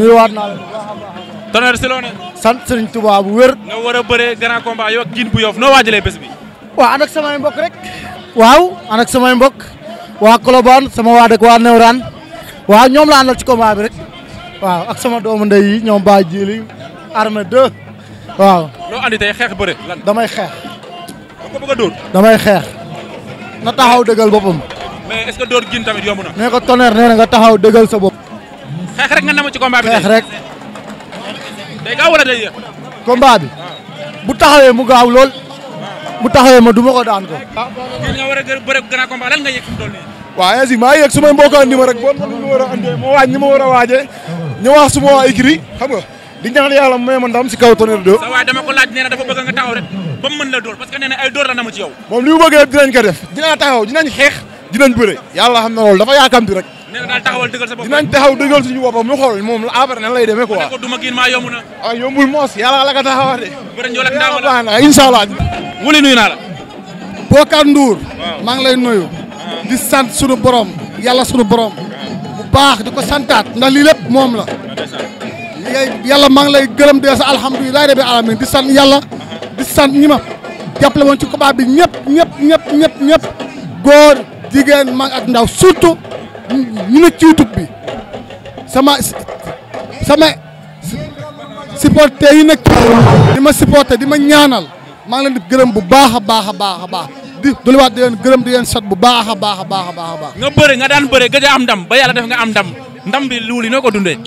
nuyuwaat naa la bu si loo sant Serigne Touba bu wér. nga a bëree grand combat yow ak Guine bu Yoff noo waajalee bés bi. waaw ànd ak samay mbok rek. waaw ànd ak samay mbokk. waa Colobane sama waa dëkk waa Newraan. waaw ñoom la àndal ci combat bi rek. waaw ak sama doomu ndey yi ñoom Ba Djili armée 2 waaw. loo andi xeex bëre damay xeex. a na taxaw dëggal boppam. mais est-ce que dóor Guine tamit yomb na. nee ko Tonnerre nga taxaw dëggal sa bopp. xeex rek nga namu ci combat bi xeex rek. day gaaw wala day yéex. combat ah. bu taxawee mu gaaw lool ah. bu taxawee ma du ma ko daan ko. Ah. ngir nga a bëre grand combat lan nga yëg fi mu toll nii. waaw ainsi maa yëg su ma mbokk andi ma rek bon man li ma war a andee ma waaj ni ma war a waajee ñu su ma waa écrit nga di ñaan yàlla may ma ndam si kaw Tonnerre 2. waaye dama ko laaj nee na dafa bëgg nga rek ba na ay dóor la namu ci yow. moom li mu bëgg rek dinañ ko def dina bëre yàlla xam na loolu dafa yaakamti rek nee na daal taxawal sa bopp dinañ taxaw dëggal suñu boppam ñu xool moom la après nan lay deme quoi. ma ne ko duma kii maa yomb na. ah yombul moos yàlla la ko taxawal de. bëri wuli nuyu naa la. Bokar Ndour. waaw maa ngi lay nuyu. Ah. di sant suñu borom yàlla suñu borom. bu baax di ko santaat ndax lii lépp moom la. yàlla maa ngi lay gërëm dee sa alhamdulilah rabbi alamin di sant yàlla. di sant ñi ma jàppale woon ci combat bi ñëpp ñëpp ñëpp ñëpp ñëpp góor jigéen mag ak ndaw surtout ñu nekk ci YouTube bi sama sama supporter yi nekk di ma supporter di ma ñaanal maa ngi leen gërëm bu baax a baax a baax a baax di dolliwaat di leen gërëm di leen sat bu baax a baax a baax a baax. nga bëre nga daan bëre gëj a am ndam ba yàlla def nga am ndam ndam bi luul yi noo ko dundee.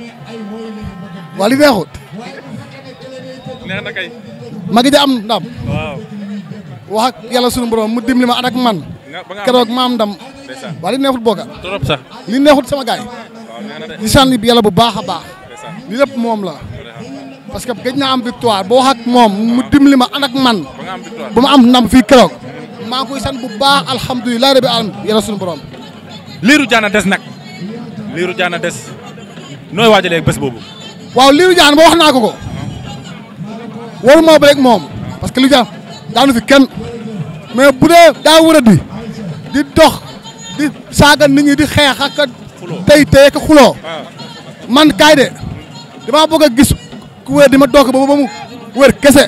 waa li neexut. na kay. ma gëj a am ndam. wax ak yàlla sunu borom mu dimbali ma ànd man. keroog ma am ndam. waaw li neexut booga trop sax neexut sama gaay yi sant bu baax a baax li lépp moom la parce que gëj naa am victoire boo wax moom mu dimbali ma ànd ak man ba ma am ndam fii keroog maa ngi koy sant bu baax alhamdulilah rabbi alam yàlla suñu borom liiru jaana des nag liiru jaana des nooy waajalee bés boobu waaw liiru jaana ba wax naa ko ko waru moo rek moom parce que liiru jaana daanu fi kenn mais bu dee daa wër di dox di saaga nit di xeex ak tey tey ak xuloo ah. man kaay de damaa bëgg a gis ku wér di ma doog ba ba mu wér kese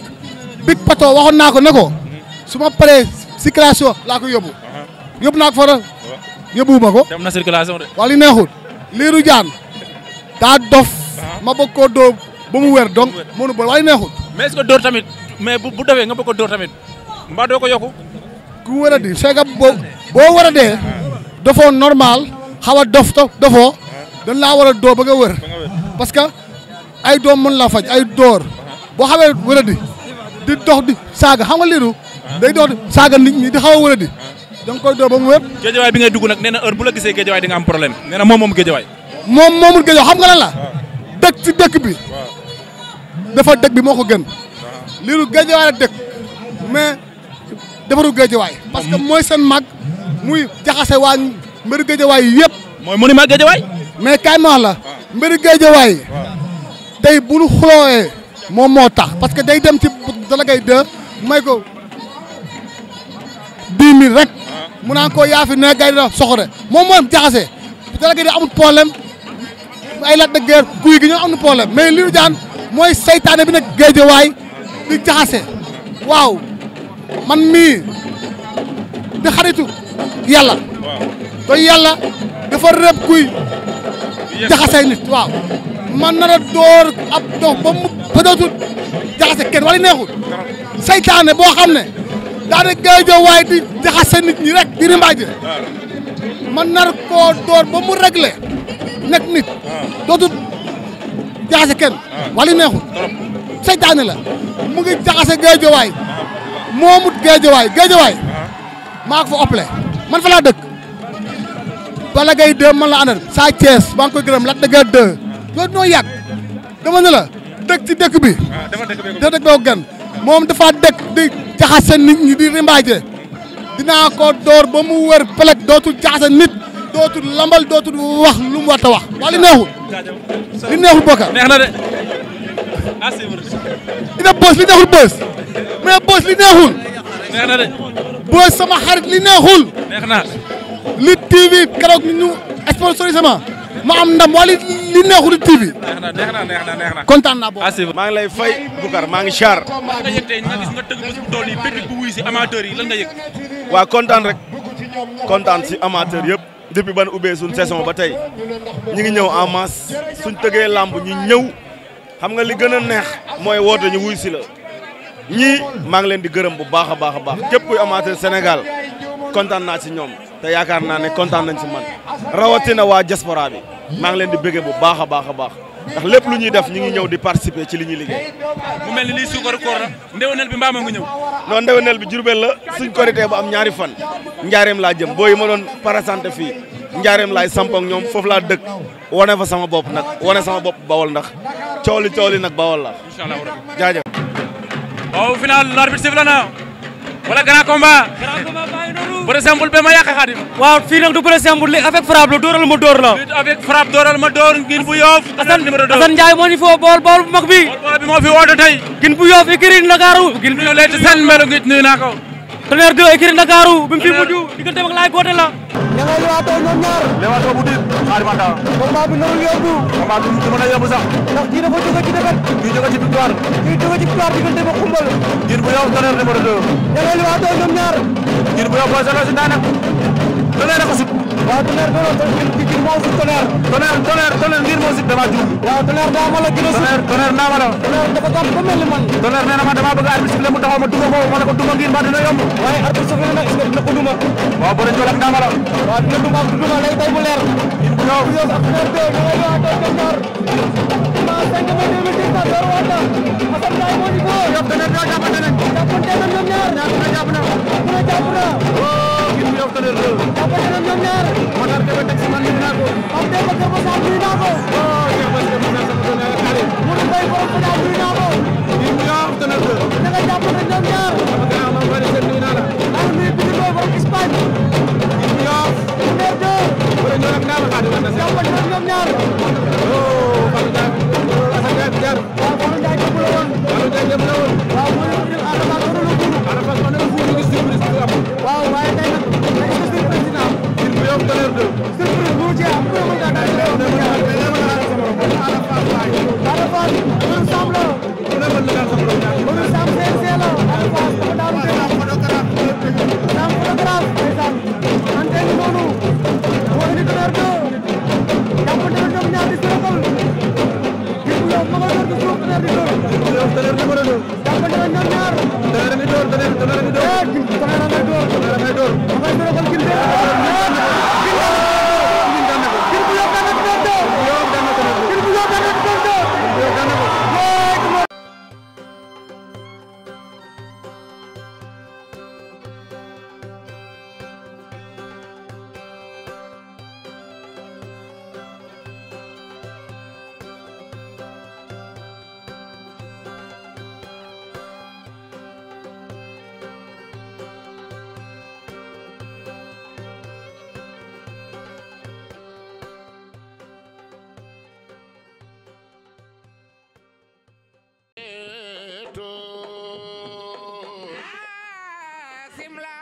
big pato waxoon naa ko ne ko su ma paree circulation laa ko yóbbu ah. yóbbu naa ko fa yóbbuwu ko. dem na circulation neexul liiru jaan daa dof ah. ma bëgg koo dóor ba mu wér donc mënu boole wala li neexul. mais est-ce que tamit mais bu bu dofee nga bëgg ko dóor tamit mbaa doo ko yokku. ku wér di c'est boo boo war dee. dofoo normal xaw a dof dofoo dañ laa war a dóor ba nga wër parce que ay doom mën la faj ay dóor boo xamee wëradi di dox di saaga xam nga liiru day dox di saaga nit ñi di xaw a wëradi da nga koy dóor ba mu wër géejawaay bi ngay dugg nag nee na heure bu la gisee géejawaay di am problème nee na moom moom géejawaay moom moomul géejawaay xam nga lan la dëkk ci dëkk bi dafa bi moo ko gën liiru géejawaay la dëkk mais defaru géejawaay parce que mooy seen mag muy jaxase waa mbëri géejawaay yëpp. mooy monument géejawaay. mais kaay ma wax la. mbëri géejawaay. tey bu nu xulooyee moom moo tax parce que day dem ci dalagay de may ko dix rek. mun naa ko yaa fi ne gay dina soxore moom jaxase dalagay de amul problème ay lat de guerre guy gi ñoo amul problème mais li ñu daan mooy saytaane bi nag géejawaay di jaxase waaw man mii di xaritu. yàlla te yàlla dafa rëb kuy jaxasay nit waaw man na a ab dox ba mu ba dootul jaxase kenn wala neexul saytaane boo xam ne daane géejoo di jaxase nit ñi rek di rimbaaje man nar koo door ba mu réglé nekk nit dootul jaxase kenn wala neexul saytaane la mu ngi jaxase géejoo moomut géejoo waay géejoo waay maa ko fa man fa laa dëkk Balla Gaye 2 man la àndal Sa Thiès maa koy gërëm Lac de Guiers 2 loolu noo yàgg dama ne la dëkk ci dëkk bi ah, dafa dëkk boo gan moom dafa dëkk di jaxase nit ñi di rimbaaje dinaa ko door ba mu wër pelek dootul jaxase nit dootul lambal dootul wax lu mu war wax waa li neexul li neexul bokka neex na li ne boos li neexul boos li neexul neex na de. booy sama xarit li neexul. neex na. Lutte TV keroog ñu sponsorisé ma ma am ndam wala li neexul Lutte TV. neex na neex kontaan naa boobu. maa ngi lay fay Boucar maa ngi char. lan nga yëg tey nga gis nga tëgg bés bu tool yi public si amateurs yi lan nga yëg. waa kontaan rek kontaan si amateurs yëpp. depuis ban ubbee suñ saison ba tey ñu ngi ñëw en masse suñ tëgee làmb ñu ñëw xam nga li gën a neex mooy woote ñu wuy si la. ñii maa ngi leen di gërëm bu baax a baax a baax képp kuy amateur Sénégal kontaan naa ci ñoom te yaakaar naa ne kontaan nañ ci man rawatina waa diaspora bi maa ngi leen di bëggee bu baax a baax a baax ndax lépp lu ñuy def ñu ngi ñëw di participer ci li ñuy liggéey. mu mel ni lii suukaru koor la ndewenel bi mbaa moo ngi ñëw. non ndewenel bi Jurbel la si korité bu am ñaari fan njaareem laa jëm booy ma doon parasante fii njaareem laay sampoo ak ñoom foofu laa dëkk wane fa sama bopp nag wane sama bopp bawol ndax cooli cooli nag bawol la. incha allah jaajëf. waaw final l'arbitre sifflé na wala grand combat. grand combat ba ma yàq Xaadim. waaw fii nag du bëre simple li avec frappe la dóoral ma dóor la. avec frappe dóoral ma dóor ngin bu yoof. Assane Assane Ndiaye moo bool bool bu mag bi. moo fi woote tey. ngin bu yoof ikiri Ndakaaru. ngin bu yoof léegi seen melo ngi nuyu Tonnerre 2 écurie Ndakaaru bi mu fi mujj diggante Laay Goté la ña ngay lewaatoo ñoom ñaar lewaatoo bu diit xaarima ta combat bi narul yomb combat bi du mën a yomb sax ndax kii dafa jóge ci defet kii jóge ci victoire kii jóge ci victoire diggante ba xumbal jiit bu yow Tonnerre numéro ñaar jiit bu yow Boy Seras si daanaka Tonnerre a waaw Tonnerre doo Pikine moo sut Tonnerre. Tonnerre Tonnerre Tonnerre ngir moo sut damaa juum. waaw Tonnerre daa ma la gën a sut. Tonnerre Tonnerre daa ma la. Tonnerre dafa tàmm ba na man damaa bëgg arbitre siffle mu taxaw ma duma ko ma ne ko duma ngir mbaa dina waaye arbitre siffle nag ak duma lay tay mu leer. ñëw yow ak ak Tonnerre. maa sànq ma déglu si sa door Massar nuyu naa ko. waaw Cheikh Massar Moussa Moussa Moussa Karim. Modou Mbaye borom Fassar nuyu naa ko. kii bi ñoo am tënal ko. da nga jàpp ne ñoom ñaar. sama gànnaaw man Fane Sène nuyu naa la. maa ngi nuyu Bidi Mbow borom Espagne. kii bi ñoo am. numéro 2. wala ñoo nag naa la xaar di wax na seen. jàpp ñoom ñaar. to simla